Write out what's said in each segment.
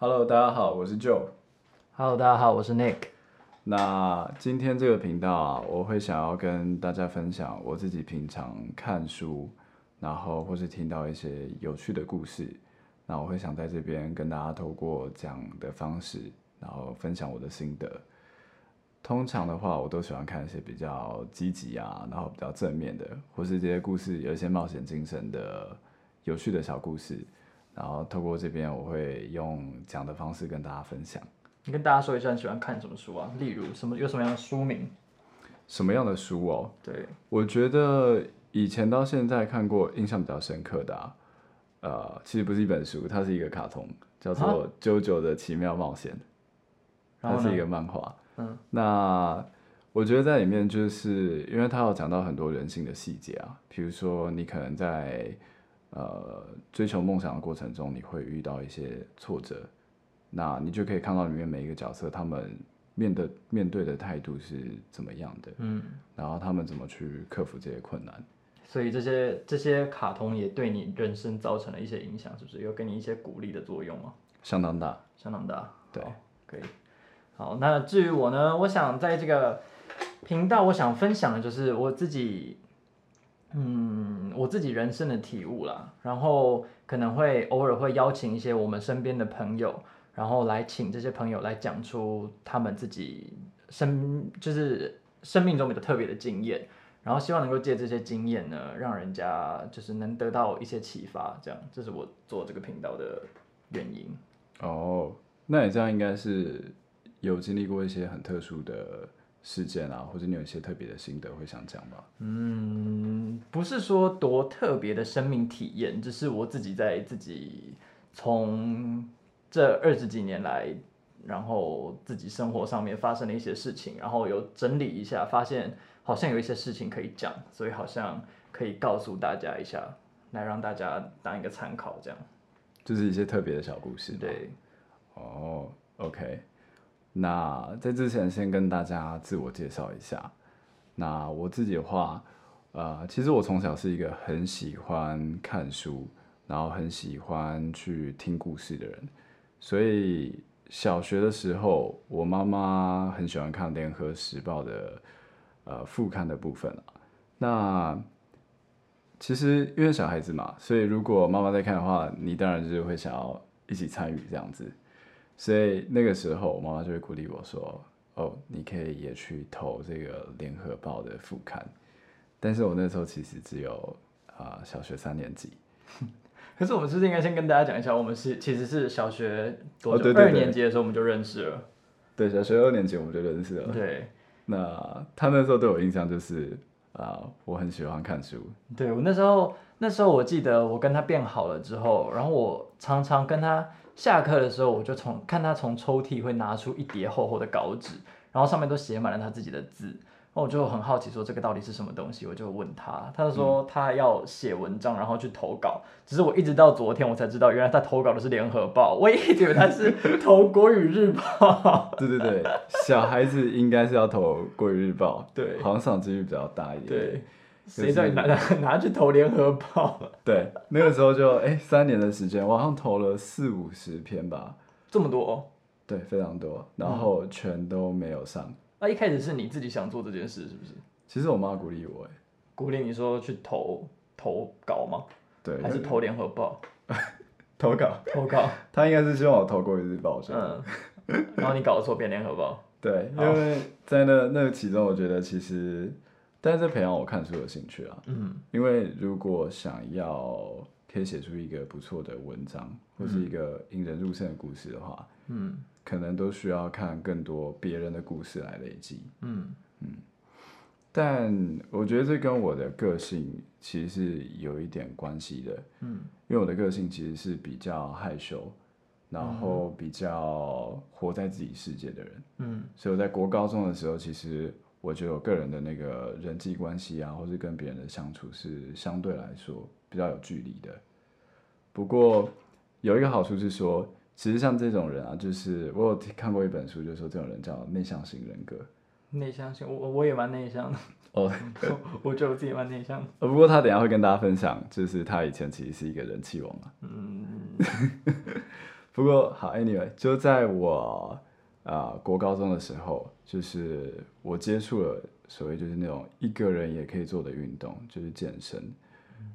Hello，大家好，我是 Joe。Hello，大家好，我是 Nick。那今天這個頻道啊，我會想要跟大家分享我自己平常看書，然後或是聽到一些有趣的故事，那我會想在這邊跟大家透過講的方式，然後分享我的心得。通常的話，我都喜歡看一些比較積極啊，然後比較正面的，或是這些故事有一些冒險精神的有趣的小故事。然後透過這邊，我會用講的方式跟大家分享。你跟大家說一下你喜歡看什麼書啊？例如什麼？有什麼樣的書名？什麼樣的書哦？對，我覺得以前到現在看過印象比較深刻的啊，呃，其實不是一本書，它是一個卡通，叫做《JoJo 的奇妙冒險》啊，它是一個漫畫。嗯。那我覺得在裡面就是因為它有講到很多人性的細節啊，比如說你可能在。呃，追求夢想的過程中，你會遇到一些挫折，那你就可以看到裡面每一個角色他們面的面對的態度是怎麼樣的，嗯，然後他們怎麼去克服這些困難。所以這些這些卡通也對你人生造成了一些影響，是不是？有給你一些鼓勵的作用嗎？相當大，相當大，對，可以。好，那至於我呢，我想在這個頻道，我想分享的就是我自己。嗯，我自己人生的體悟啦，然後可能會偶爾會邀請一些我們身邊的朋友，然後來請這些朋友來講出他們自己生就是生命中比較特別的經驗，然後希望能夠借這些經驗呢，讓人家就是能得到一些啟發，這樣，這是我做這個頻道的原因。哦，那你這樣應該是有經歷過一些很特殊的。事件啊，或者你有一些特別的心得，我會想講嗎？嗯，不是說多特別的生命體驗，只、就是我自己在自己從這二十幾年來，然後自己生活上面發生了一些事情，然後有整理一下，發現好像有一些事情可以講，所以好像可以告訴大家一下，來讓大家當一個參考，這樣，就是一些特別的小故事，對，哦、oh，OK。那在之前先跟大家自我介紹一下。那我自己的話，呃，其實我從小是一個很喜歡看書，然後很喜歡去聽故事的人。所以小學的時候，我媽媽很喜歡看《聯合時報》的呃副刊的部分啊。那其實因為小孩子嘛，所以如果媽媽在看的話，你當然就是會想要一起參與這樣子。所以那個時候，我媽媽就會鼓勵我說：“哦，你可以也去投這個《聯合報》的副刊。”但是，我那時候其實只有啊、呃、小學三年級。 可是，我們是不是應該先跟大家講一下，我們是其實是小學多久、哦、對對對，二年級的時候我們就認識了？對，小學二年級我們就認識了。對，那他那時候對我印象就是啊、呃，我很喜歡看書。對，我那時候那時候我記得我跟他變好了之後，然後我常常跟他。下課的時候，我就從看他從抽屜會拿出一疊厚厚的稿紙，然後上面都寫滿了他自己的字。那我就很好奇，說這個到底是什麼東西？我就問他，他就說他要寫文章，然後去投稿。嗯、只是我一直到昨天，我才知道原來他投稿的是《聯合報》，我也一直以為他是投《國語日報。》 對對對，小孩子應該是要投《國語日報》，對，好像上幾率比較大一點。對。誰叫你拿、就是、拿去投聯合報、啊？對，那個時候就哎、欸，三年的時間，我好像投了四五十篇吧。這麼多？對，非常多。然後全都沒有上。那、嗯啊、一開始是你自己想做這件事，是不是？其實我媽鼓勵我，鼓勵你說去投投稿嗎？對，還是投聯合報？ 投稿。投稿。她 應該是希望我投國語日報，是吧？嗯。 然後你搞錯變聯合報。對，因為在那個、那個、其中，我覺得其實。但這培養我看書的興趣啊，嗯，因為如果想要可以寫出一個不錯的文章，嗯，或是一個引人入勝的故事的話，嗯，可能都需要看更多別人的故事來累積，嗯嗯，但我覺得這跟我的個性其實是有一點關係的，嗯，因為我的個性其實是比較害羞，然後比較活在自己世界的人，嗯，所以我在國高中的時候其實。我覺得我個人的那個人際關係啊，或是跟別人的相處是相對來說比較有距離的。不過有一個好處是說，其實像這種人啊，就是我有看過一本書，就是說這種人叫內向型人格。內向型，我我也蠻內向的。哦、oh, 我覺得我自己蠻內向的。 oh, 不過他等一下會跟大家分享，就是他以前其實是一個人氣王，啊、嗯。 不過好，anyway，就在我啊、呃、國高中的時候。就是我接觸了所謂就是那種一個人也可以做的運動，就是健身。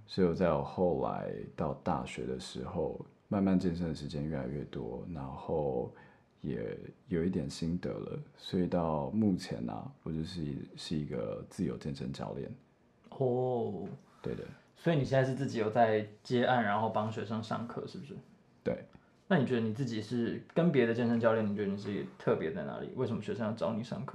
所以我在我後來到大學的時候，慢慢健身的時間越來越多，然後也有一點心得了。所以到目前呢，啊，我就是是一個自由健身教練。哦，oh，對的。所以你現在是自己有在接案，然後幫學生上課，是不是？對。那你覺得你自己是跟別的健身教練，你覺得你自己特別在哪裡？為什麼學生要找你上課？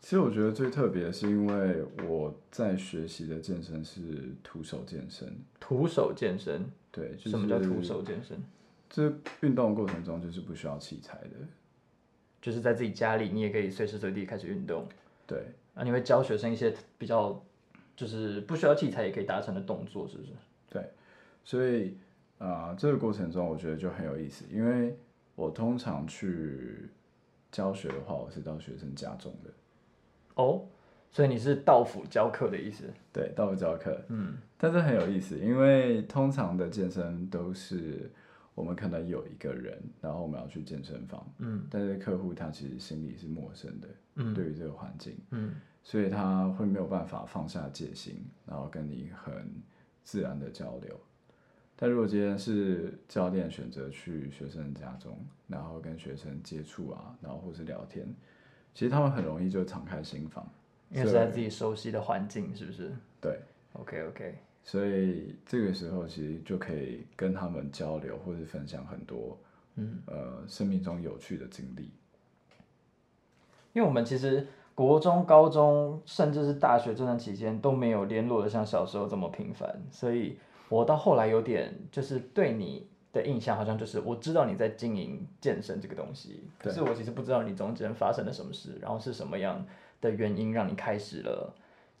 其實我覺得最特別的是因為我在學習的健身是徒手健身。徒手健身？對，就是、什麼叫徒手健身？就是、就是運動的過程中，就是不需要器材的，就是在自己家裡，你也可以隨時隨地開始運動。對，啊，你會教學生一些比較就是不需要器材也可以達成的動作，是不是？對，所以。啊、呃，這個過程中我覺得就很有意思，因為我通常去教學的話，我是到學生家中的。哦、oh，所以你是到府教課的意思？對，到府教課。嗯，但是很有意思，因為通常的健身都是我們看到有一個人，然後我們要去健身房。嗯。但是客戶他其實心裡是陌生的，嗯，對於這個環境，嗯，所以他會沒有辦法放下戒心，然後跟你很自然的交流。但如果今天是教練選擇去學生家中，然後跟學生接觸啊，然後或是聊天，其實他們很容易就敞開心房，因為是在自己熟悉的環境，是不是？對，OK OK。所以這個時候其實就可以跟他們交流，或者分享很多，嗯，呃，生命中有趣的經歷。因為我們其實國中、高中，甚至是大學這段期間都沒有聯絡得像小時候這麼頻繁，所以。我到後來有點就是對你的印象，好像就是我知道你在經營健身這個東西，可是我其實不知道你中間發生了什麼事，然後是什麼樣的原因讓你開始了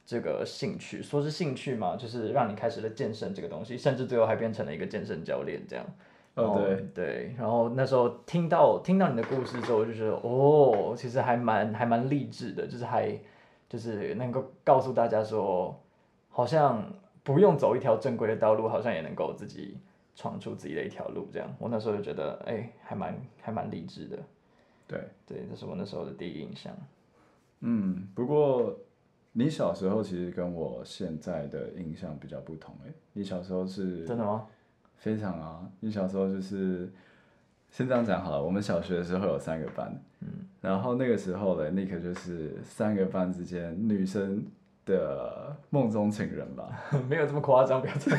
這個興趣，說是興趣嘛，就是讓你開始了健身這個東西，甚至最後還變成了一個健身教練這樣。哦，對對。然後那時候聽到聽到你的故事之後，就是，我就覺得哦，其實還蠻還蠻勵志的，就是還就是能夠告訴大家說，好像。不用走一條正規的道路，好像也能夠自己闖出自己的一條路。這樣，我那時候就覺得，哎、欸，還蠻還蠻勵志的。對，對，這是我那時候的第一印象。嗯，不過你小時候其實跟我現在的印象比較不同、欸，哎，你小時候是真的嗎？非常啊！你小時候就是先這樣講好了。我們小學的時候有三個班，嗯，然後那個時候呢，Nick 就是三個班之間女生的夢中情人吧， 沒有這麼誇張，表情。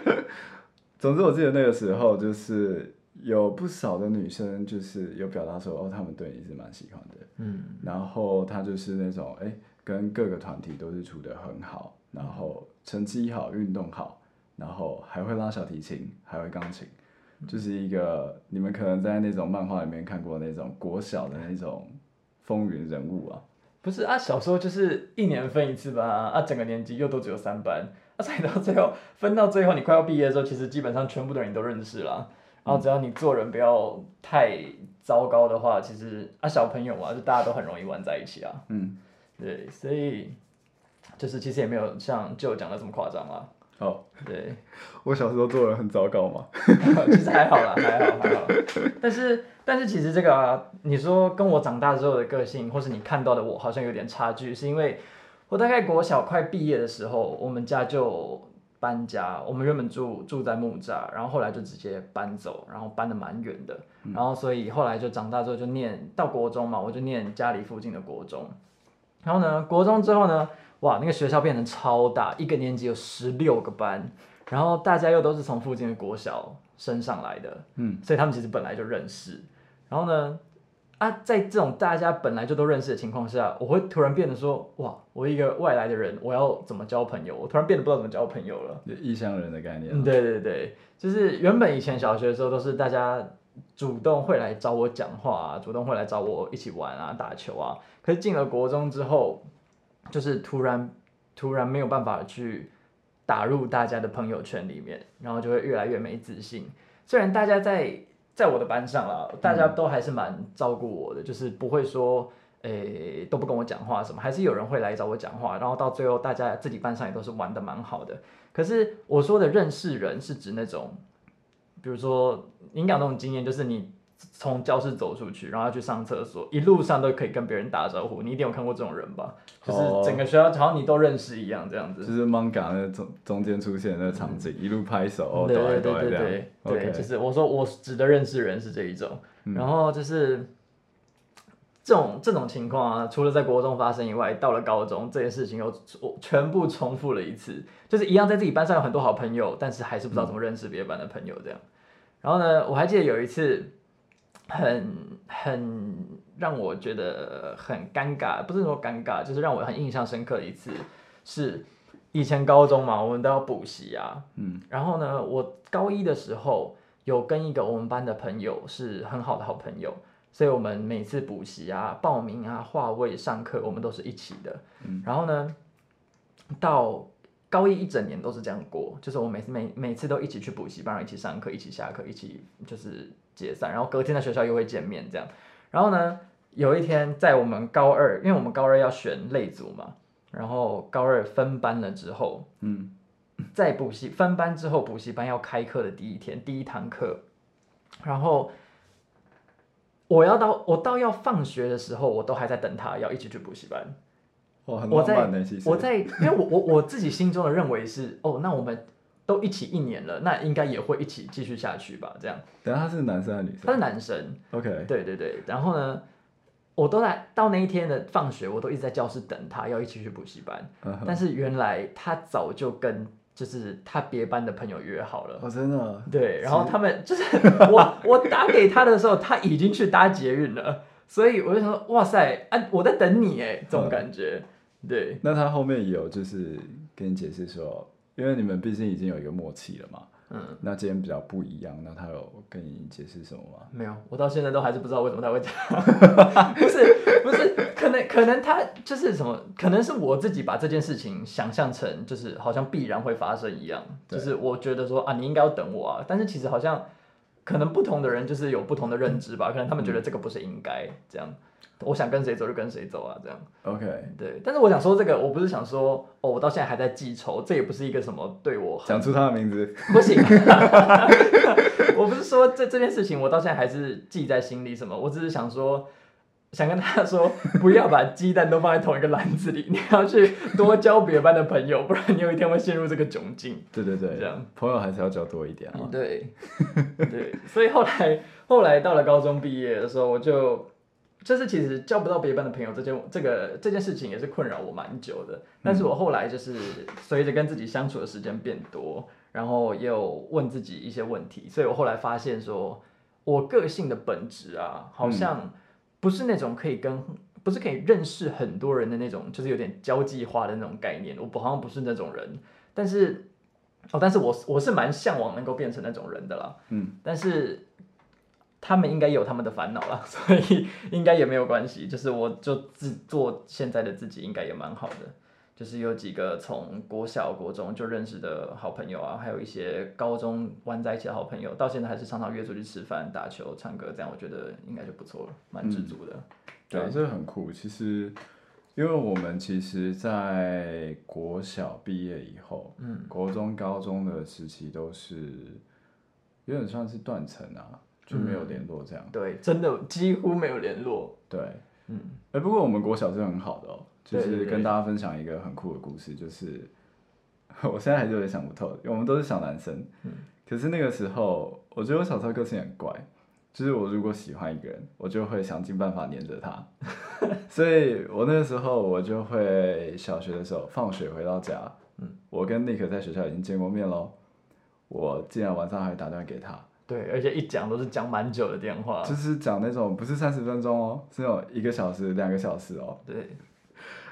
總之，我記得那個時候就是有不少的女生就是有表達說，哦，他們對你是蠻喜歡的。嗯，然後他就是那種，哎、欸，跟各個團體都是處得很好，然後成績好，運動好，然後還會拉小提琴，還會鋼琴，就是一個你們可能在那種漫畫裡面看過那種國小的那種風雲人物啊。不是啊，小時候就是一年分一次班，啊，整個年級又都只有三班，啊，所以到最後分到最後，你快要畢業的時候，其實基本上全部的人你都認識啦。然後只要你做人不要太糟糕的話，其實啊小朋友嘛，就大家都很容易玩在一起啊。嗯，對，所以就是其實也沒有像舅講的這麼誇張啦。哦，對，我小時候做人很糟糕嘛。 其實還好啦，還好還好。但是。但是其實這個啊，你說跟我長大之後的個性，或是你看到的我，好像有點差距，是因為我大概國小快畢業的時候，我們家就搬家，我們原本住住在木柵，然後後來就直接搬走，然後搬得蠻遠的，然後所以後來就長大之後就念到國中嘛，我就念家裡附近的國中，然後呢，國中之後呢，哇，那個學校變得超大，一個年級有十六個班，然後大家又都是從附近的國小，升上來的，嗯，所以他們其實本來就認識，嗯，然後呢，啊，在這種大家本來就都認識的情況下，我會突然變得說，哇，我一個外來的人，我要怎麼交朋友？我突然變得不知道怎麼交朋友了，異鄉人的概念，啊嗯。對對對，就是原本以前小學的時候都是大家主動會來找我講話啊，主動會來找我一起玩啊，打球啊，可是進了國中之後，就是突然突然沒有辦法去。打入大家的朋友圈裡面，然後就會越來越沒自信。雖然大家在在我的班上啦，大家都還是蠻照顧我的，嗯，就是不會說，誒、欸，都不跟我講話什麼，還是有人會來找我講話。然後到最後，大家自己班上也都是玩得蠻好的。可是我說的認識人是指那種，比如說你講那種經驗，嗯，就是你。從教室走出去，然後要去上廁所，一路上都可以跟別人打招呼。你一定有看過這種人吧？Oh, 就是整個學校好像你都認識一樣，這樣子。就是 manga 那個、中中間出現的場景，嗯，一路拍手，對對對對對，就是我說我指的認識的人是這一種。嗯、然後就是這種這種情況啊，除了在國中發生以外，到了高中這件事情又我全部重複了一次，就是一樣在自己班上有很多好朋友，但是還是不知道怎麼認識別的班的朋友這樣、嗯。然後呢，我還記得有一次。很很讓我覺得很尷尬，不是說尷尬，就是讓我很印象深刻的一次，是以前高中嘛，我們都要補習啊，嗯，然後呢，我高一的時候有跟一個我們班的朋友是很好的好朋友，所以我們每次補習啊、報名啊、劃位上課，我們都是一起的，嗯，然後呢，到。高一一整年都是這樣過，就是我每次每每次都一起去補習班，一起上課，一起下課，一起就是解散，然後隔天的學校又會見面這樣。然後呢，有一天在我們高二，因為我們高二要選類組嘛，然後高二分班了之後，嗯，在補習分班之後，補習班要開課的第一天，第一堂課，然後我要到我到要放學的時候，我都還在等他，要一起去補習班。哦、我在我在，因為我我我自己心中的認為是 哦，那我們都一起一年了，那應該也會一起繼續下去吧，這樣。等下他是男生還是女生？他是男生。OK。對對對。然後呢，我都在到那一天的放學，我都一直在教室等他，要一起去補習班。Uh -huh. 但是原來他早就跟就是他別班的朋友約好了。哦，真的。對。然後他們就是我 我打給他的時候，他已經去搭捷運了。所以我就想說，哇塞、啊、我在等你哎，這種感覺。Uh -huh. 對，那他後面有就是跟你解釋說，因為你們畢竟已經有一個默契了嘛，嗯，那今天比較不一樣，那他有跟你解釋什麼嗎？沒有，我到現在都還是不知道為什麼他會這樣， 不是不是，可能可能他就是什麼，可能是我自己把這件事情想象成就是好像必然會發生一樣，就是我覺得說啊，你應該要等我啊，但是其實好像可能不同的人就是有不同的認知吧，可能他們覺得這個不是應該這樣。我想跟誰走就跟誰走啊，這樣。OK，對。但是我想說這個，我不是想說哦，我到現在還在記仇，這也不是一個什麼對我好。講出他的名字不行。 我不是說這這件事情，我到現在還是記在心裡什麼？我只是想說，想跟大家說，不要把雞蛋都放在同一個籃子裡， 你要去多交別班的朋友，不然你有一天會陷入這個窘境。對對對，這樣朋友還是要交多一點啊。對，對，所以後來後來到了高中畢業的時候，我就。這是其實交不到別班的朋友這件這個這件事情也是困擾我蠻久的，但是我後來就是隨着跟自己相處的時間變多，然後也有問自己一些問題，所以我後來發現說，我個性的本質啊，好像不是那種可以跟、嗯、不是可以認識很多人的那種，就是有點交際化的那種概念，我不好像不是那種人，但是哦，但是我我是蠻嚮往能夠變成那種人的啦，嗯，但是。他們應該有他們的煩惱啦，所以應該也沒有關係。就是我就自做現在的自己，應該也蠻好的。就是有幾個從國小、國中就認識的好朋友啊，還有一些高中玩在一起的好朋友，到現在還是常常約出去吃飯、打球、唱歌，這樣我覺得應該就不錯了，蠻知足的。嗯、對、欸，這很酷。其實，因為我們其實在國小畢業以後，嗯，國中、高中的時期都是有點像是斷層啊。就沒有聯絡這樣，嗯，對，真的幾乎沒有聯絡。對，嗯，哎、欸，不過我們國小是很好的哦、喔，就是對對對，跟大家分享一個很酷的故事，就是我現在還是有點想不透，因為我們都是小男生，嗯，可是那個時候我覺得我小時候個性很怪，就是我如果喜歡一個人，我就會想盡辦法黏着他， 所以我那個時候我就會小學的時候放學回到家，嗯，我跟 Nick 在學校已經見過面嘍，我竟然晚上還打電話給他。對，而且一講都是講蠻久的電話，就是講那種不是三十分鐘哦，只有一個小時、兩個小時哦。對，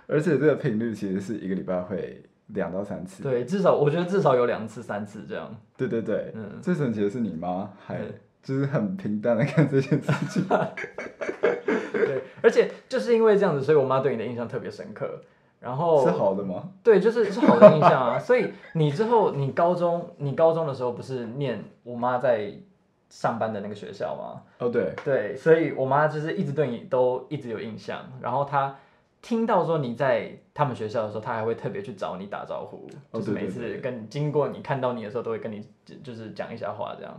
而且這個頻率其實是一個禮拜會兩到三次。對，至少我覺得至少有兩次、三次這樣。對對對，嗯，最神奇的是你媽還就是很平淡的看這些事情。 對，而且就是因為這樣子，所以我媽對你的印象特別深刻。然後是好的嗎？對，就是、就是好的印象啊。 所以你之後，你高中，你高中的時候不是念我媽在。上班的那個，學校嗎？哦、oh，對對，所以我媽就是一直對你都一直有印象，然後她聽到說你在他們學校的時候，她還會特別去找你打招呼，oh, 就是每次跟經過你看到你的時候，對對對對都會跟你就是講一下話這樣，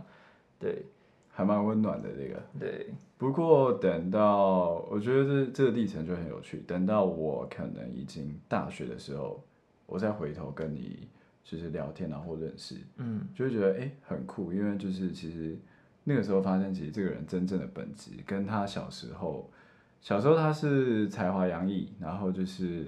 對，還蠻溫暖的這個，對。不過等到我覺得這這個歷程就很有趣，等到我可能已經大學的時候，我再回頭跟你就是聊天然後認識，嗯，就會覺得誒很酷，因為就是其實。那個時候發現，其實這個人真正的本質，跟他小時候，小時候他是才華洋溢，然後就是，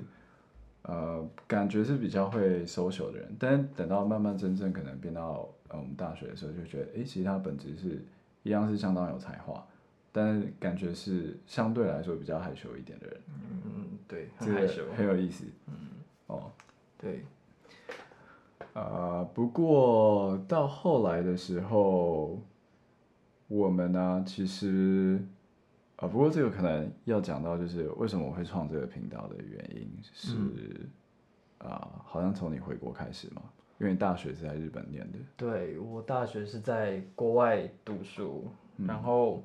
呃，感覺是比較會 social 的人。但等到慢慢真正可能變到呃我們大學的時候，就覺得，欸，其實他本質是一樣，是相當有才華，但是感覺是相對來說比較害羞一點的人。嗯，對，很害羞，這個很有意思。嗯，哦，對，啊、呃，不過到後來的時候。我們呢、啊，其實，啊，不過這個可能要講到，就是為什麼我會創這個頻道的原因是，嗯、啊，好像從你回國開始嘛，因為大學是在日本念的。對，我大學是在國外讀書，嗯、然後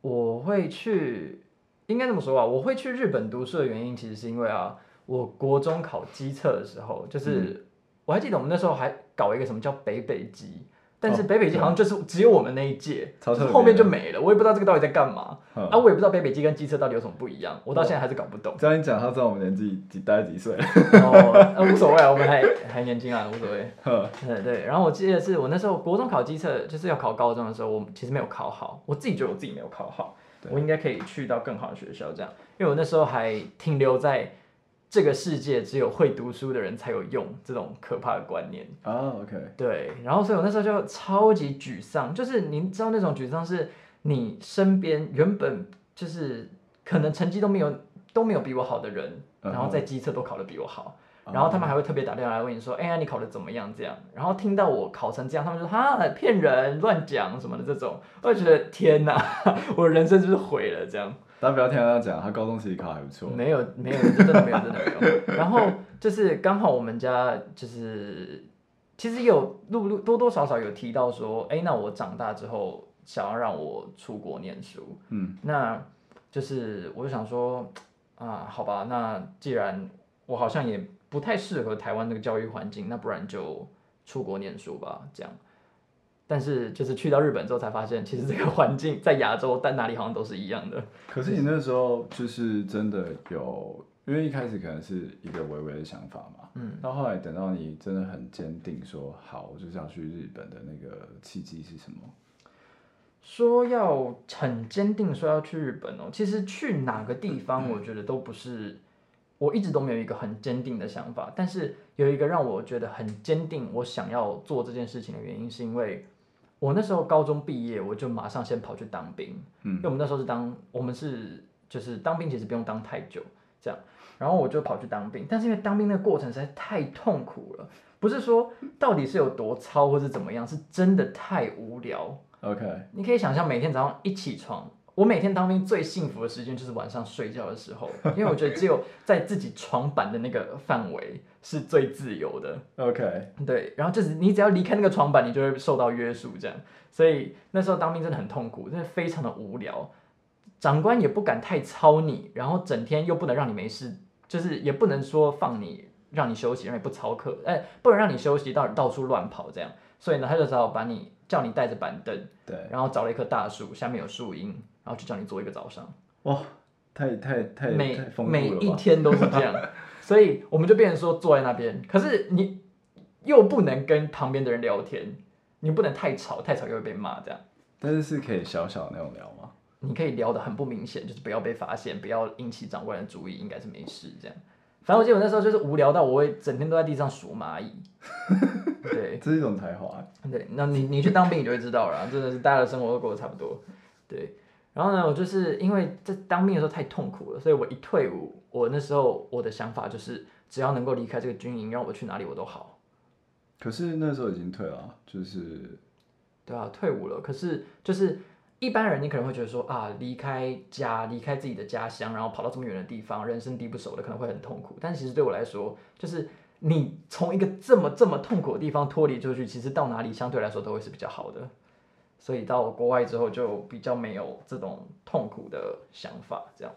我會去，應該這麼說吧、啊，我會去日本讀書的原因，其實是因為啊，我國中考基測的時候，就是、嗯、我還記得我們那時候還搞一個什麼叫北北基。但是北北基好像就是只有我們那一屆，哦就是、後面就沒了。我也不知道這個到底在幹嘛。那、嗯啊、我也不知道北北基跟基測到底有什麼不一樣。我到現在還是搞不懂。只要你講，他知道我們年紀幾大幾歲、哦 啊。無所謂啊，我們還還年輕啊，無所謂。對、嗯嗯、對。然後我記得是我那時候國中考基測，就是要考高中的時候，我其實沒有考好。我自己覺得我自己沒有考好，我應該可以去到更好的學校這樣。因為我那時候還停留在。這個世界只有會讀書的人才有用，這種可怕的觀念啊、Oh，OK，對，然後所以我那時候就超級沮喪，就是你知道那種沮喪是，你身邊原本就是可能成績都沒有都沒有比我好的人，Uh-huh. 然後在基測都考得比我好。然後他們還會特別打電話來問你說：“哎呀，你考的怎麼樣？”這樣，然後聽到我考成這樣，他們說：“哈，騙人，亂講什麼的。”這種，我就覺得天哪，我的人生就是毀了這樣。大家不要聽他、啊、講，他高中其實考還不錯。沒有，沒有，真的沒有，真的沒有。 然後就是剛好我們家就是其實有錄錄，多多少少有提到說：“哎，那我長大之後想要讓我出國念書。”嗯，那就是我就想說啊，好吧，那既然我好像也。不太適合台灣那個教育環境，那不然就出國念書吧，這樣。但是就是去到日本之後才發現，其實這個環境在亞洲，在哪裡好像都是一樣的。可是你那時候就是真的有、就是，因為一開始可能是一個微微的想法嘛，嗯。然後後來等到你真的很堅定說“好，我就想去日本”的那個契機是什麼？說要很堅定說要去日本哦，其實去哪個地方，我覺得都不是、嗯。嗯我一直都沒有一個很堅定的想法，但是有一個讓我覺得很堅定，我想要做這件事情的原因，是因為我那時候高中畢業，我就馬上先跑去當兵，嗯，因為我們那時候是當，我們是就是當兵其實不用當太久，這樣，然後我就跑去當兵，但是因為當兵那個過程實在太痛苦了，不是說到底是有多操或是怎麼樣，是真的太無聊。OK，你可以想象每天早上一起床。我每天當兵最幸福的時間就是晚上睡覺的時候，因為我覺得只有在自己床板的那個範圍是最自由的。 OK，對，然後就是你只要離開那個床板，你就會受到約束，這樣。所以那時候當兵真的很痛苦，真的非常的無聊。長官也不敢太操你，然後整天又不能讓你沒事，就是也不能說放你讓你休息，讓你不操課，哎、欸，不能讓你休息到到處亂跑這樣。所以呢，他就只好把你叫你帶着板凳，對，然後找了一棵大樹，下面有樹蔭。然後就叫你做一個早上，哇，太太太每每一天都是這樣， 所以我們就變成說坐在那邊，可是你又不能跟旁邊的人聊天，你不能太吵，太吵又會被罵這樣。但是是可以小小的那種聊嗎？你可以聊得很不明顯，就是不要被發現，不要引起長官的注意，應該是沒事這樣。反正我記得我那時候就是無聊到我會整天都在地上數螞蟻， 對，這是一種才華。對，那你你去當兵你就會知道了啦，真的是大家的生活都過得差不多，對。然後呢，我就是因為在當兵的時候太痛苦了，所以我一退伍，我那時候我的想法就是，只要能夠離開這個軍營，讓我去哪裡我都好。可是那時候已經退了，就是，對啊，退伍了。可是就是一般人，你可能會覺得說啊，離開家，離開自己的家鄉，然後跑到這麼遠的地方，人生地不熟的，可能會很痛苦。但其實對我來說，就是你從一個這麼這麼痛苦的地方脫離出去，其實到哪裡相對來說都會是比較好的。所以到國外之後就比較沒有這種痛苦的想法，這樣。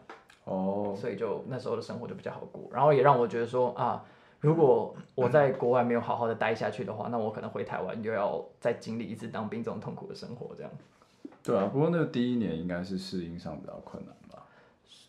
哦。所以就那時候的生活就比較好過，然後也讓我覺得說啊，如果我在國外沒有好好的待下去的話，那我可能回台灣又要再經歷一次當兵這種痛苦的生活，這樣。對啊，不過那個第一年應該是適應上比較困難吧。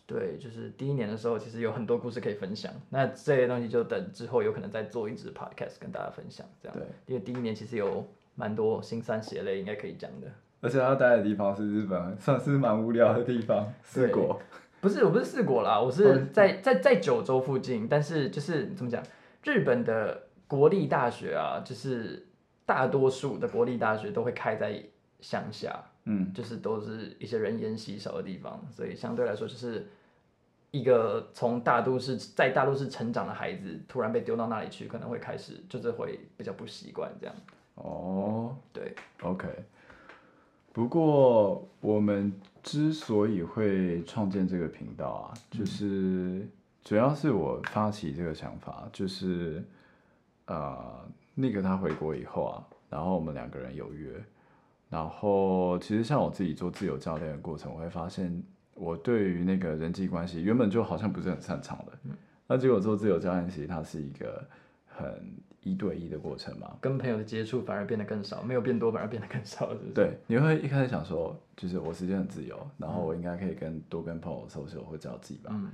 對，就是第一年的時候，其實有很多故事可以分享。那這些東西就等之後有可能再做一次 podcast 跟大家分享，這樣。對。因為第一年其實有。蠻多心酸血淚應該可以講的，而且他待的地方是日本，算是蠻無聊的地方。嗯、四國。不是，我不是四國啦，我是在、嗯、在在，在九州附近，但是就是怎麼講，日本的國立大學啊，就是大多數的國立大學都會開在鄉下，嗯，就是都是一些人煙稀少的地方，所以相對來說就是一個從大都市在大都市成長的孩子，突然被丟到那裡去，可能會開始就是會比較不習慣這樣。哦、oh, 嗯，對，OK。不過我們之所以會創建這個頻道啊，就是主要是我發起這個想法，就是呃，那個他回國以後啊，然後我們兩個人有約，然後其實像我自己做自由教練的過程，我會發現我對於那個人際關係原本就好像不是很擅長的，那、嗯、結果做自由教練，其實它是一個很一對一的過程嘛，跟朋友的接觸反而變得更少，沒有變多，反而變得更少，是不是？對，你會一開始想說，就是我時間很自由，然後我應該可以跟、嗯、多跟朋友 social 或交際吧、嗯。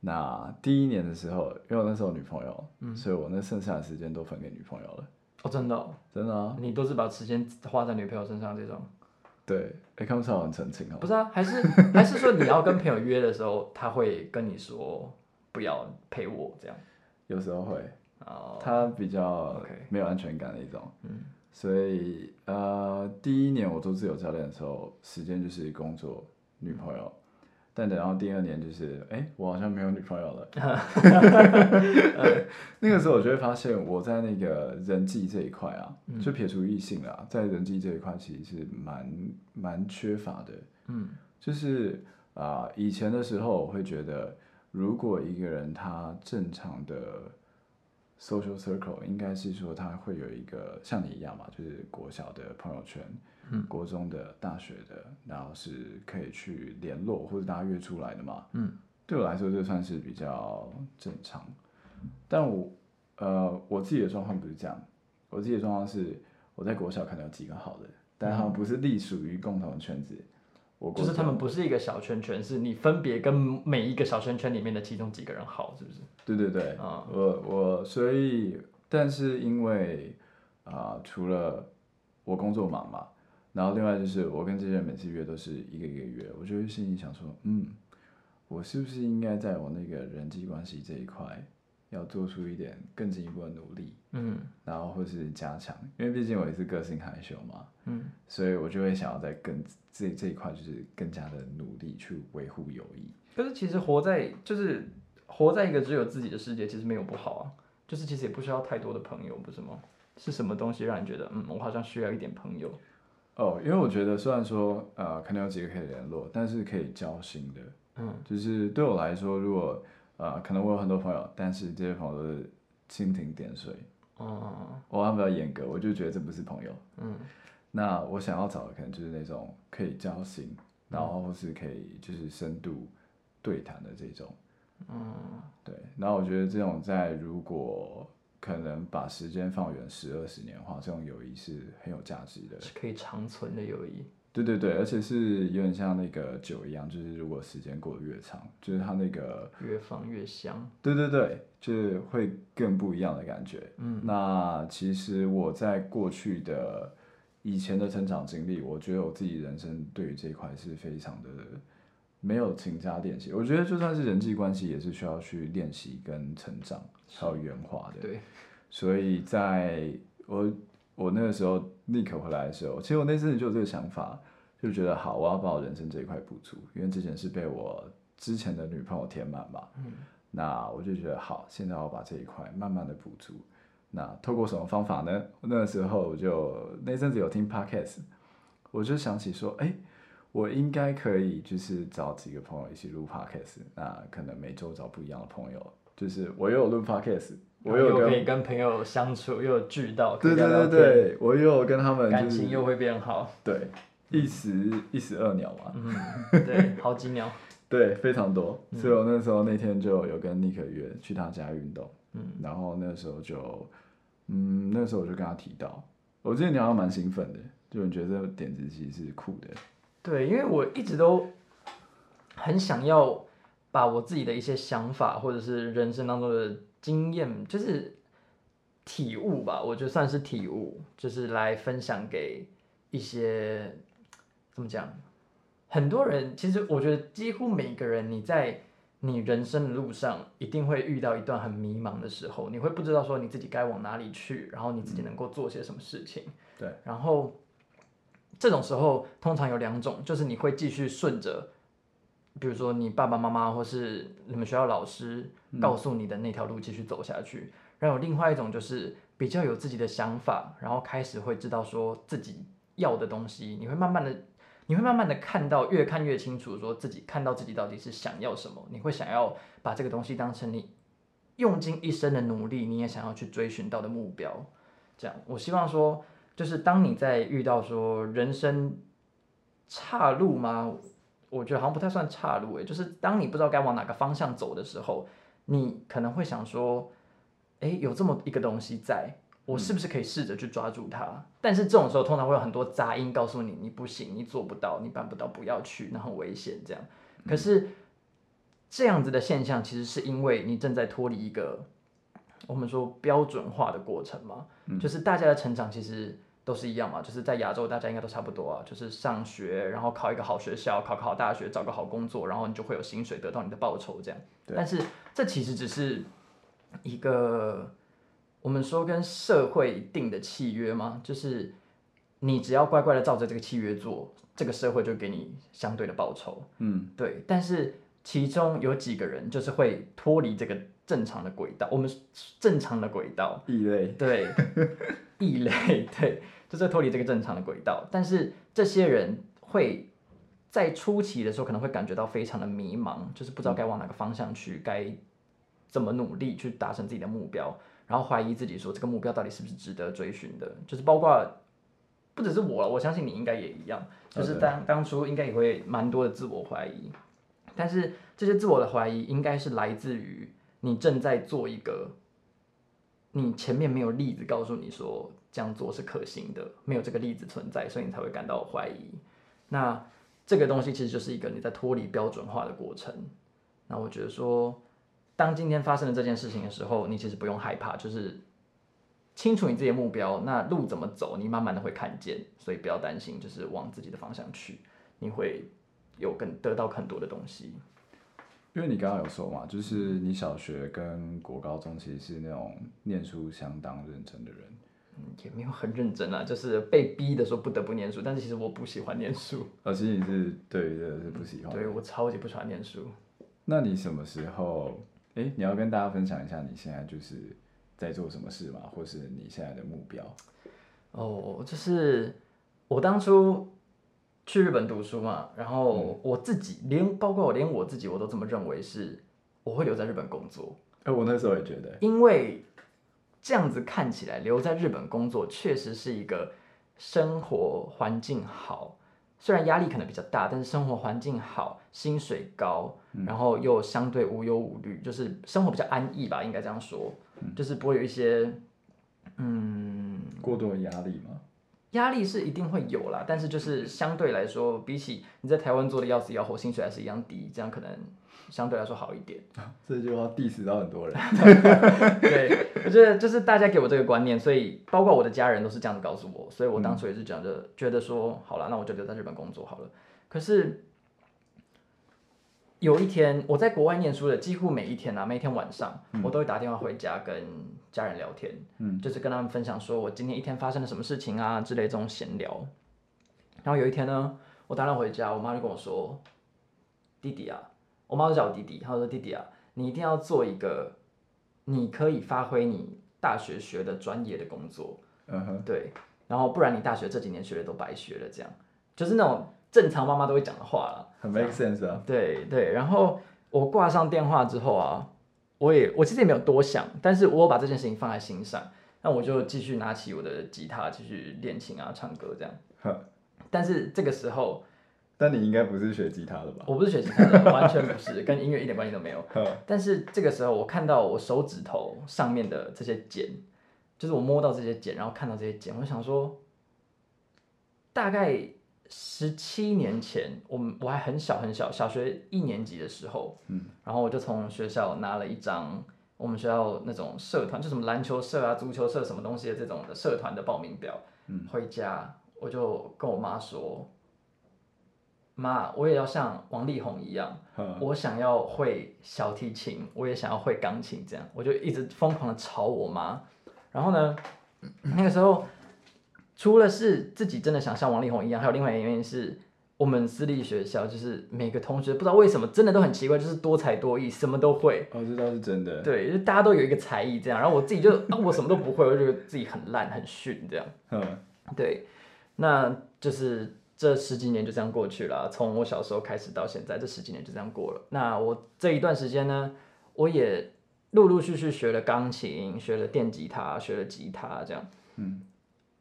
那第一年的時候，因為我那時候女朋友、嗯，所以我那剩下的時間都分給女朋友了。哦，真的、哦？真的啊？你都是把時間花在女朋友身上這種？對，come on、欸、很澄清啊、哦。不是啊，還是還是說你要跟朋友約的時候， 他會跟你說不要陪我這樣？有時候會。Oh, okay. 他比較沒有安全感的一種，嗯、所以呃，第一年我做自由教練的時候，時間就是工作、嗯、女朋友，但然後第二年就是，哎、欸，我好像沒有女朋友了。 嗯、那個時候我就會發現，我在那個人際這一塊啊、嗯，就撇除異性了啊，在人際這一塊其實是蠻蠻缺乏的。嗯、就是啊、呃，以前的時候我會覺得，如果一個人他正常的 social circle 應該是說他會有一個像你一樣嘛，就是國小的朋友圈，嗯，國中的、大學的，然後是可以去聯絡或者大家約出來的嘛，嗯，對我來說就算是比較正常，但我呃，我自己的狀況不是這樣，我自己的狀況是我在國小可能有幾個好的，但他們不是隸屬於共同的圈子。我就是他們不是一個小圈圈，是你分別跟每一個小圈圈裡面的其中幾個人好，是不是？對對對。啊、嗯，我我所以，但是因為啊、呃，除了我工作忙嘛，然後另外就是我跟這些人每次約都是一個一個約，我就心裡想說，嗯，我是不是應該在我那個人際關係這一塊？要做出一點更進一步的努力，嗯，然後或是加強，因為畢竟我也是個性害羞嘛，嗯，所以我就會想要在更這這一塊就是更加的努力去維護友誼。但是其實活在就是活在一個只有自己的世界，其實沒有不好啊，就是其實也不需要太多的朋友，不是嗎？是什麼東西讓你覺得嗯，我好像需要一點朋友？哦，因為我覺得雖然說呃，可能有幾個可以聯絡，但是可以交心的，嗯，就是對我來說，如果。啊、呃，可能我有很多朋友、嗯，但是這些朋友都是蜻蜓點水。哦、嗯、我還比較嚴格，我就覺得這不是朋友。嗯，那我想要找的可能就是那種可以交心，嗯、然後是可以就是深度對談的這種。嗯，對，那我覺得這種在如果可能把時間放遠十二十年的話，這種友誼是很有價值的，是可以長存的友誼。對對對，而且是有點像那個酒一樣，就是如果時間過得越長，就是它那個越放越香。對對對，就是會更不一樣的感覺。嗯，那其實我在過去的以前的成長經歷，我覺得我自己人生對於這一塊是非常的沒有勤加練習。我覺得就算是人際關係，也是需要去練習跟成長，還有圓滑的。對，所以在我我那個時候立刻回來的時候，其實我內心就有這個想法。就覺得好，我要把我人生這一塊補足，因為之前是被我之前的女朋友填滿嘛、嗯，那我就覺得好，現在我要把這一塊慢慢的補足。那透過什麼方法呢？那個時候我就那陣子有聽 podcast，我就想起說，哎、欸，我應該可以就是找幾個朋友一起錄 podcast。那可能每週找不一樣的朋友，就是我又有錄 podcast，我又可以跟朋友相處，又有聚到，對對對對，對，我又跟他們、就是、感情又會變好，對。一石一石二鳥啊，嗯，對，好幾鳥， 對，非常多。所以我那時候那天就有跟尼克約去他家運動，嗯，然後那時候就，嗯，那時候我就跟他提到，我覺得你好像蠻興奮的，就你覺得這個點子其實是酷的，對，因為我一直都很想要把我自己的一些想法，或者是人生當中的經驗，就是體悟吧，我就算是體悟，就是來分享給一些。怎麼講？很多人其實，我覺得幾乎每一個人，你在你人生的路上一定會遇到一段很迷茫的時候，你會不知道說你自己該往哪裡去，然後你自己能夠做些什麼事情。對、嗯，然後這種時候通常有兩種，就是你會繼續順着，比如說你爸爸媽媽或是你們學校老師告訴你的那條路繼續走下去。嗯、然後有另外一種就是比較有自己的想法，然後開始會知道說自己要的東西，你會慢慢的。你會慢慢的看到，越看越清楚，說自己看到自己到底是想要什麼。你會想要把這個東西當成你用盡一生的努力，你也想要去追尋到的目標。這樣，我希望說，就是當你在遇到說人生岔路嗎？我覺得好像不太算岔路、欸，誒。就是當你不知道該往哪個方向走的時候，你可能會想說，誒，有這麼一個東西在。我是不是可以試着去抓住它？嗯。但是這種時候通常會有很多雜音告訴你，你不行，你做不到，你辦不到，不要去，那很危險。這樣，可是這樣子的現象其實是因為你正在脫離一個我們說標準化的過程嘛、嗯，就是大家的成長其實都是一樣嘛，就是在亞洲大家應該都差不多啊，就是上學，然後考一個好學校，考個好大學，找個好工作，然後你就會有薪水，得到你的報酬這樣，對。但是這其實只是一個。我們說跟社會定的契約嗎？就是你只要乖乖的照着這個契約做，這個社會就給你相對的報酬。嗯，對。但是其中有幾個人就是會脫離這個正常的軌道，我們正常的軌道，異類，對，異 類，對，就是脫離這個正常的軌道。但是這些人會在初期的時候可能會感覺到非常的迷茫，就是不知道該往哪個方向去，嗯、該怎麼努力去達成自己的目標。然後懷疑自己，說這個目標到底是不是值得追尋的？就是包括，不只是我了，我相信你應該也一樣，就是當、Okay. 當初應該也會蠻多的自我懷疑。但是這些自我的懷疑，應該是來自於你正在做一個，你前面沒有例子告訴你說這樣做是可行的，沒有這個例子存在，所以你才會感到懷疑。那這個東西其實就是一個你在脫離標準化的過程。那我覺得說。當今天發生了這件事情的時候，你其實不用害怕，就是清楚你自己的目標，那路怎麼走，你慢慢的會看見，所以不要擔心，就是往自己的方向去，你會有更得到很多的東西。因為你剛剛有說嘛，就是你小學跟國高中其實是那種念書相當認真的人，嗯，也沒有很認真啊，就是被逼的說不得不念書，但是其實我不喜歡念書，而、啊、且你是對的是不喜歡，嗯，對我超級不喜歡念書。那你什麼時候？誒，你要跟大家分享一下你現在就是在做什麼事嘛，或是你現在的目標？哦，就是我當初去日本讀書嘛，然後我自己連包括我連我自己，我都這麼認為是我會留在日本工作。誒、哦，我那時候也覺得，因為這樣子看起來留在日本工作確實是一個生活環境好。雖然壓力可能比較大，但是生活環境好，薪水高，嗯，然後又相對無憂無慮，就是生活比較安逸吧，應該這樣說，嗯、就是不會有一些，嗯，過多的壓力嗎？壓力是一定會有啦，但是就是相對來說，比起你在台灣做的要死要活，薪水還是一樣低，這樣可能相對來說好一點。這句話 diss 到很多人， 對，我覺得就是大家給我這個觀念，所以包括我的家人都是這樣子告訴我，所以我當初也是講着覺得說，好了，那我就留在日本工作好了。可是。有一天，我在國外念書的幾乎每一天啊，每一天晚上、嗯、我都會打電話回家跟家人聊天、嗯，就是跟他們分享說我今天一天發生了什麼事情啊之類這種閒聊。然後有一天呢，我打電話回家，我媽就跟我說：“弟弟啊，我媽就叫我弟弟，她說弟弟啊，你一定要做一個你可以發揮你大學學的專業的工作，嗯哼，對，然後不然你大學這幾年學的都白學了，這樣就是那種。”正常媽媽都會講的話了，很 make sense 啊。對對，然後我掛上電話之後啊，我也我其實也沒有多想，但是我有把這件事情放在心上，那我就繼續拿起我的吉他繼續練琴啊，唱歌這樣。哈。但是這個時候，但你應該不是學吉他的吧？我不是學吉他的， 完全不是，跟音樂一點關係都沒有。但是這個時候，我看到我手指頭上面的這些繭，就是我摸到這些繭，然後看到這些繭，我想說，大概。十七年前，我們我還很小很小，小學一年級的時候，嗯，然後我就從學校拿了一張我們學校那種社團，就什麼籃球社啊、足球社什麼東西的這種的社團的報名表，嗯，回家我就跟我媽說，媽，我也要像王力宏一樣，呵呵，我想要會小提琴，我也想要會鋼琴，這樣，我就一直瘋狂的吵我媽，然後呢，那個時候。除了是自己真的想像王力宏一樣，還有另外一個原因是我們私立學校，就是每個同學不知道為什麼真的都很奇怪，就是多才多藝，什麼都會。哦，這倒是真的。對，就大家都有一個才藝這樣。然後我自己就 啊，我什麼都不會，我就覺得自己很爛很遜這樣。嗯，對。那就是這十幾年就這樣過去了啊，從我小時候開始到現在，這十幾年就這樣過了。那我這一段時間呢，我也陸陸續續學了鋼琴，學了電吉他，學了吉他這樣。嗯。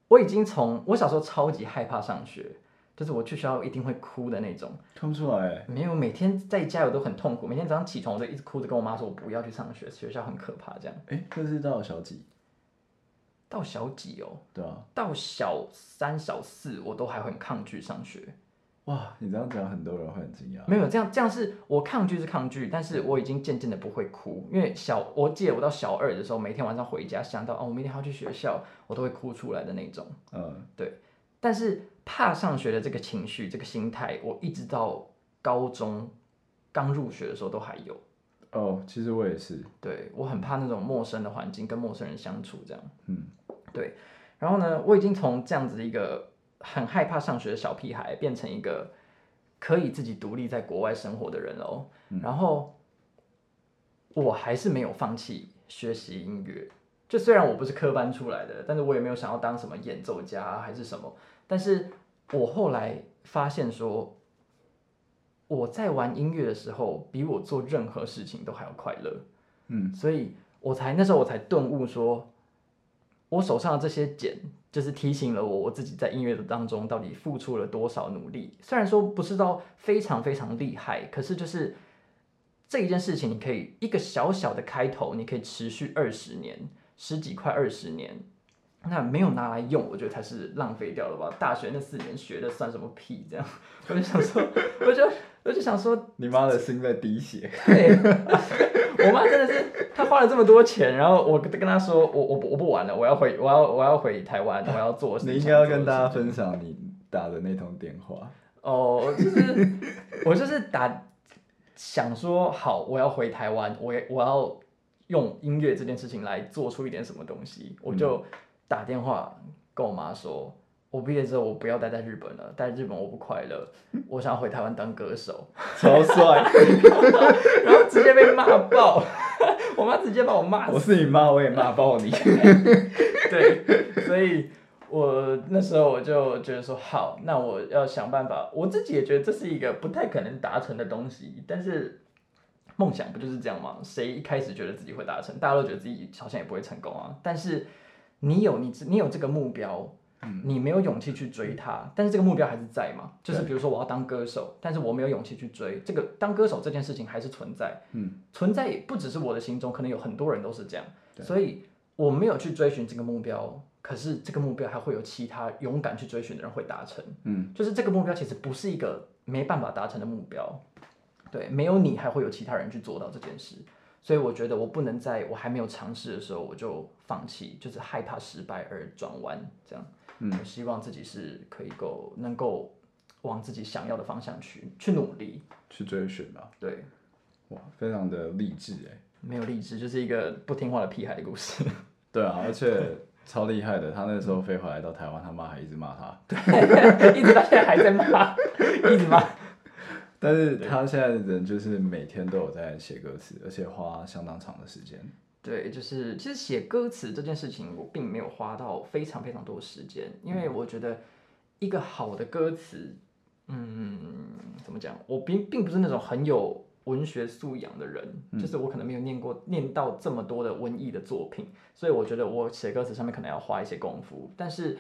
我已經從我小時候超級害怕上學，就是我去學校一定會哭的那種。看不出來、欸。沒有，每天在家我都很痛苦。每天早上起床我就一直哭着跟我媽說：“我不要去上學，學校很可怕。”這樣。哎、欸，這是到小幾？到小幾哦、喔？對啊，到小三、小四我都還會很抗拒上學。哇，你這樣講，很多人會很驚訝啊。沒有這樣，這樣是我抗拒是抗拒，但是我已經漸漸的不會哭，因為小，我記得，我到小二的時候，每天晚上回家想到哦，我明天還要去學校，我都會哭出來的那種。嗯，對。但是怕上學的這個情緒、這個心態，我一直到高中剛入學的時候都還有。哦，其實我也是。對，我很怕那種陌生的環境，跟陌生人相處這樣。嗯，對。然後呢，我已經從這樣子一個。很害怕上學的小屁孩變成一個可以自己獨立在國外生活的人哦。嗯。然後我還是沒有放棄學習音樂。就雖然我不是科班出來的，但是我也沒有想要當什麼演奏家啊，還是什麼。但是我後來發現說，我在玩音樂的時候，比我做任何事情都還要快樂。嗯，所以我才那時候我才頓悟說。我手上的這些繭，就是提醒了我，我自己在音樂的當中到底付出了多少努力。雖然說不是到非常非常厲害，可是就是這一件事情，你可以一個小小的開頭，你可以持續二十年，十幾快二十年。那沒有拿來用，我覺得他是浪費掉了吧？大學那四年學的算什麼屁？這樣我就想說，我就我就想說，你媽的心在滴血。對，我媽真的是，她花了這麼多錢，然後我跟她說，我我不我不玩了，我要回我要我要回台灣，我要做什麼。你應該要跟大家分享你打的那通電話。哦，就是我就是打，想說好，我要回台灣，我我要用音樂這件事情來做出一點什麼東西，我就。嗯打電話跟我媽說，我畢業之後我不要待在日本了，待在日本我不快樂，我想要回台灣當歌手，超帥， 然後直接被罵爆， 我媽直接把我罵死。我是你媽，我也罵爆你。對，對，所以，我那時候我就覺得說，好，那我要想辦法。我自己也覺得這是一個不太可能達成的東西，但是夢想不就是這樣嗎？誰一開始覺得自己會達成，大家都覺得自己好像也不會成功啊，但是。你有你你有這個目標，你沒有勇氣去追它，但是這個目標還是在嘛，就是比如說我要當歌手，但是我沒有勇氣去追這個當歌手這件事情還是存在，嗯，存在也不只是我的心中，可能有很多人都是這樣，所以我沒有去追尋這個目標，可是這個目標還會有其他勇敢去追尋的人會達成，嗯，就是這個目標其實不是一個沒辦法達成的目標，對，沒有你還會有其他人去做到這件事。所以我覺得我不能在我還沒有嘗試的時候，我就放棄，就是害怕失敗而轉彎這樣。嗯，我希望自己是可以夠能夠往自己想要的方向去去努力去追尋吧、啊。對，哇，非常的勵志哎。沒有勵志，就是一個不聽話的屁孩的故事。對啊，而且超厲害的，他那時候飛回來到台灣、嗯，他媽還一直罵他，對，一直到現在還在罵， 一直罵。但是他現在的人就是每天都有在寫歌詞，而且花相當長的時間。對，就是其實寫歌詞這件事情，我並沒有花到非常非常多的時間，因為我覺得一個好的歌詞，嗯，怎麼講，我並並不是那種很有文學素養的人。嗯，就是我可能沒有念過念到這麼多的文藝的作品，所以我覺得我寫歌詞上面可能要花一些功夫，但是。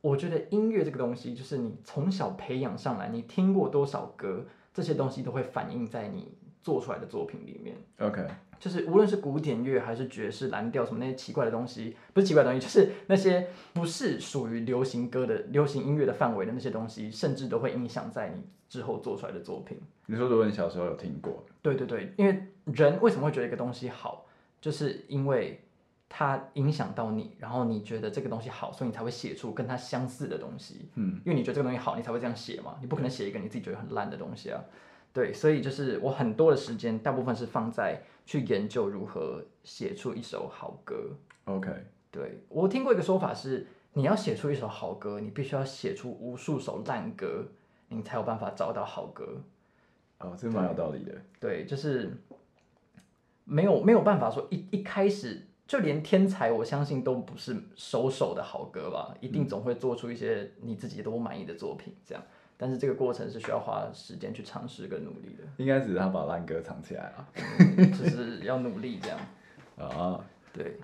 我覺得音樂這個東西，就是你從小培養上來，你聽過多少歌，這些東西都會反映在你做出來的作品裡面。OK，就是無論是古典樂還是爵士、藍調什麼那些奇怪的東西，不是奇怪的東西，就是那些不是屬於流行歌的、流行音樂的範圍的那些東西，甚至都會影響在你之後做出來的作品。你說如果你小時候有聽過，對對對，因為人為什麼會覺得一個東西好，就是因為。它影響到你，然後你覺得這個東西好，所以你才會寫出跟它相似的東西。嗯，因為你覺得這個東西好，你才會這樣寫嘛。你不可能寫一個你自己覺得很爛的東西啊。對，所以就是我很多的時間，大部分是放在去研究如何寫出一首好歌。OK，對，我聽過一個說法是，你要寫出一首好歌，你必須要寫出無數首爛歌，你才有辦法找到好歌。哦，這是蠻有道理的。對，對，就是沒有沒有辦法說一一開始。就連天才，我相信都不是首首的好歌吧，一定總會做出一些你自己都不滿意的作品這樣。但是這個過程是需要花時間去嘗試跟努力的。應該只是他把爛歌藏起來了，就、嗯、 是要努力這樣。啊、哦，對。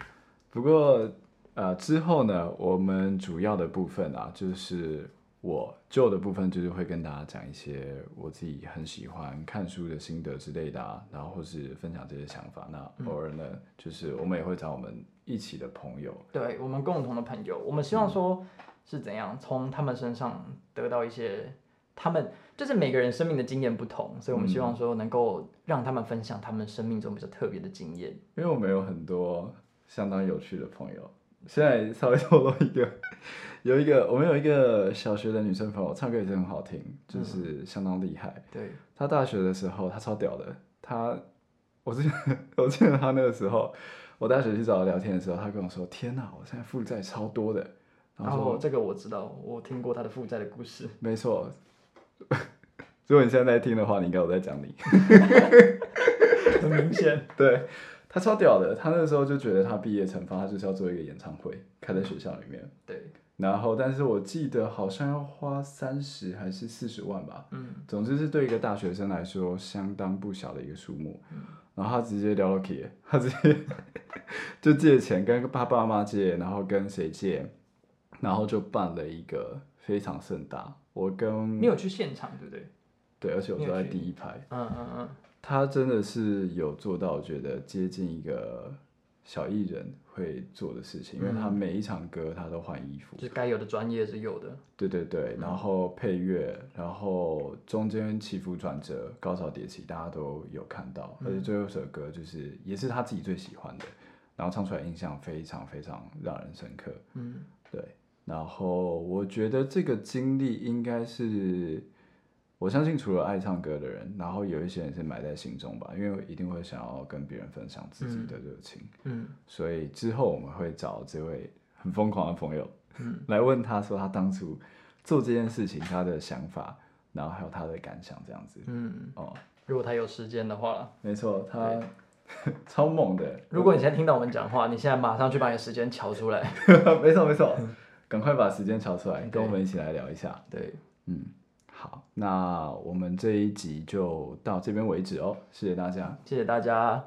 不過，啊、呃，之後呢，我們主要的部分啊，就是。我舊的部分就是會跟大家講一些我自己很喜歡看書的心得之類的、啊，然後或是分享這些想法。那偶爾呢、嗯，就是我們也會找我們一起的朋友，對，我們共同的朋友，我們希望說是怎樣、嗯、從他們身上得到一些，他們就是每個人生命的經驗不同，所以我們希望說能夠讓他們分享他們生命中比較特別的經驗。因為我們有很多相當有趣的朋友。現在稍微透露一個，有一個我們有一個小學的女生朋友，唱歌也是很好聽，就是相當厲害、嗯。對，她大學的時候，她超屌的。她，我之前我記得她那個時候，我大學去找她聊天的時候，她跟我說：“天哪，我現在負債超多的。”然後說、哦、這個我知道，我聽過她的負債的故事。沒錯，如果你現在在聽的話，你應該我在講你， 很明顯。對。他超屌的，他那個時候就覺得他畢業成發，他就是要做一個演唱會，開在學校裡面。對。然後，但是我記得好像要花三十還是四十萬吧。嗯。總之是對一個大學生來說相當不小的一個數目。嗯。然後他直接聊了 K，他直接 就借錢跟他爸爸媽借，然後跟誰借，然後就辦了一個非常盛大。我跟你有去現場，對不對？對，而且我坐在第一排。嗯嗯嗯。他真的是有做到，我覺得接近一個小藝人會做的事情，嗯，因為他每一場歌他都換衣服，就是該有的專業是有的。對對對，嗯、然後配樂，然後中間起伏轉折，高潮迭起，大家都有看到。而且最後一首歌就是，嗯、也是他自己最喜歡的，然後唱出來印象非常非常讓人深刻。嗯，對。然後我覺得這個經歷應該是。我相信，除了愛唱歌的人，然後有一些人是埋在心中吧，因為一定會想要跟別人分享自己的熱情嗯。嗯，所以之後我們會找這位很瘋狂的朋友、嗯，來問他說他當初做這件事情他的想法，然後還有他的感想這樣子。嗯，哦，如果他有時間的話，沒錯，他 超猛的。如果你現在聽到我們講話， 你現在馬上去把你時間調出來。 沒錯沒錯，趕、嗯、快把時間調出來，跟我們一起來聊一下。對，對嗯。好，那我們這一集就到這邊為止哦，謝謝大家，謝謝大家。